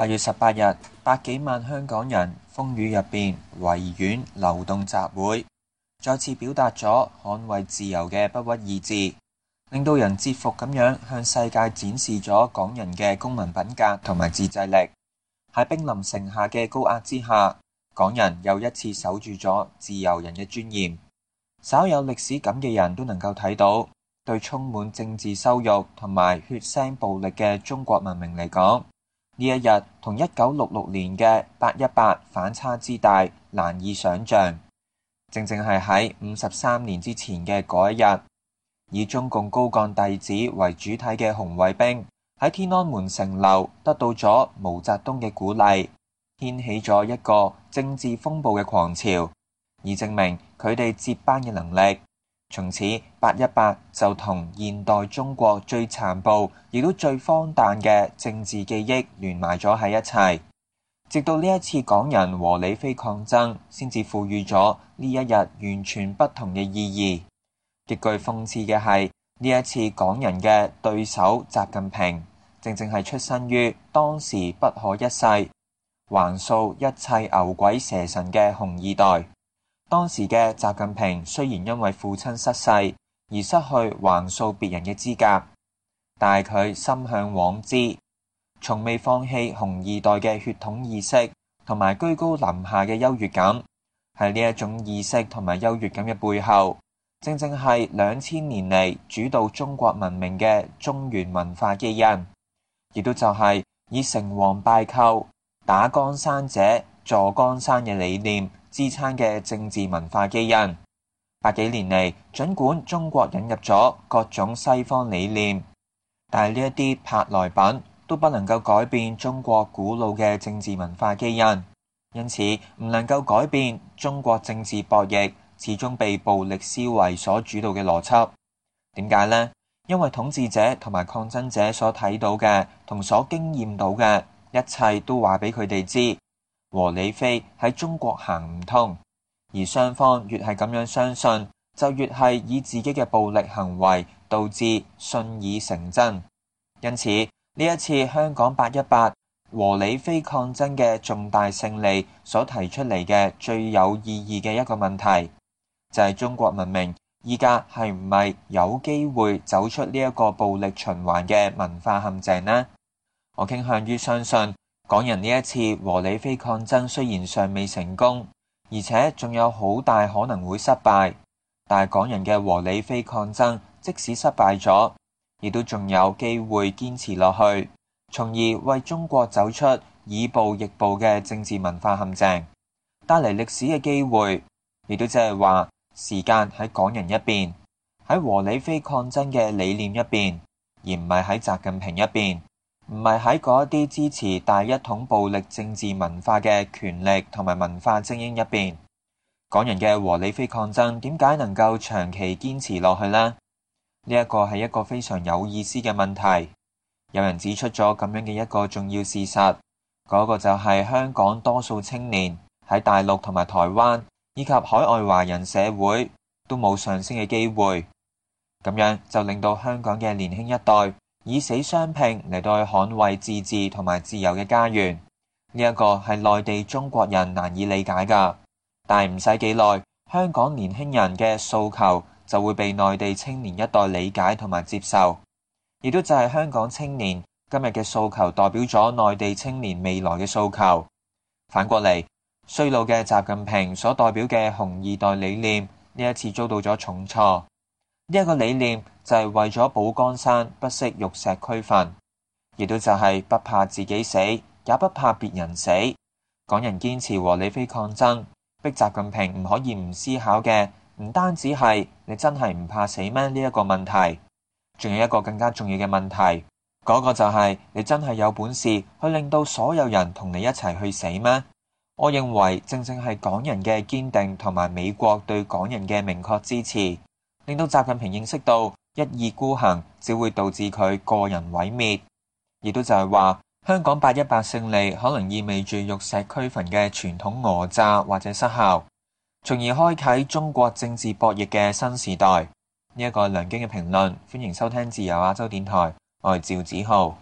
八月十八日，百幾萬香港人風雨入邊維園流動集會，再次表達咗捍衛自由嘅不屈意志，令到人折服咁樣向世界展示咗港人嘅公民品格同埋自制力。喺兵臨城下嘅高壓之下，港人又一次守住咗自由人嘅尊嚴。稍有歷史感嘅人都能夠睇到，對充滿政治羞辱同埋血腥暴力嘅中國文明嚟講，呢一日同一九六六年嘅八一八反差之大，難以想像。正正係喺五十三年之前嘅嗰一日，以中共高幹弟子為主體嘅紅衛兵喺天安門城樓得到咗毛澤東嘅鼓勵，掀起咗一個政治風暴嘅狂潮，以證明佢哋接班嘅能力。從此，八一八就同現代中國最殘暴亦都最荒誕嘅政治記憶連埋咗喺一齊，直到呢一次港人和理非抗爭，先至賦予咗呢一日完全不同嘅意義。極具諷刺嘅係，呢一次港人嘅對手習近平，正正係出身於當時不可一世、橫掃一切牛鬼蛇神嘅紅二代。當時嘅習近平雖然因為父親失勢而失去橫掃別人嘅資格，但佢心向往之，從未放棄紅二代嘅血統意識同埋居高臨下嘅優越感。喺呢一種意識同埋優越感嘅背後，正正係兩千年嚟主導中國文明嘅中原文化基因，亦都就係以成王敗寇、打江山者坐江山嘅理念。支撐嘅政治文化基因，百幾年嚟，儘管中國引入咗各種西方理念，但係呢一啲舶來品都不能夠改變中國古老嘅政治文化基因。因此，唔能夠改變中國政治博弈始終被暴力思維所主導嘅邏輯。點解呢？因為統治者同埋抗爭者所睇到嘅同所經驗到嘅一切都話俾佢哋知。和理非喺中國行唔通，而雙方越係咁樣相信，就越係以自己嘅暴力行為導致信以成真。因此呢一次香港八一八和理非抗爭嘅重大勝利，所提出嚟嘅最有意義嘅一個問題，就係、是、中國文明依家係唔係有機會走出呢一個暴力循環嘅文化陷阱呢？我傾向於相信。港人呢一次和理非抗爭雖然尚未成功，而且仲有好大可能會失敗，但係港人嘅和理非抗爭即使失敗咗，亦都仲有機會堅持落去，從而為中國走出以暴易暴嘅政治文化陷阱，帶嚟歷史嘅機會，亦都即係話，時間喺港人一邊，喺和理非抗爭嘅理念一邊，而唔係喺習近平一邊。唔係喺嗰啲支持大一統暴力政治文化嘅權力同埋文化精英一邊，港人嘅和理非抗爭點解能夠長期堅持落去咧？呢一個係一個非常有意思嘅問題。有人指出咗咁樣嘅一個重要事實，嗰個就係香港多數青年喺大陸同埋台灣以及海外華人社會都冇上升嘅機會，咁樣就令到香港嘅年輕一代。以死相拼嚟到去捍衛自治同埋自由嘅家園，呢一個係內地中國人難以理解噶。但係唔使幾耐，香港年輕人嘅訴求就會被內地青年一代理解同埋接受，亦都就係香港青年今日嘅訴求代表咗內地青年未來嘅訴求。反過嚟，衰老嘅習近平所代表嘅紅二代理念呢一次遭到咗重挫。呢一個理念就係為咗保江山，不惜玉石俱焚，亦都就係不怕自己死，也不怕別人死。港人堅持和理非抗爭，逼習近平唔可以唔思考嘅，唔單止係你真係唔怕死咩？呢、這、一個問題，仲有一個更加重要嘅問題，嗰、那個就係你真係有本事去令到所有人同你一齊去死咩？我認為正正係港人嘅堅定同埋美國對港人嘅明確支持。令到習近平認識到一意孤行只會導致佢個人毀滅，亦都就係話香港八一八勝利可能意味住玉石俱焚嘅傳統訛詐或者失效，從而開啟中國政治博弈嘅新時代。呢一個梁京嘅評論，歡迎收聽自由亞洲電台，我係趙子浩。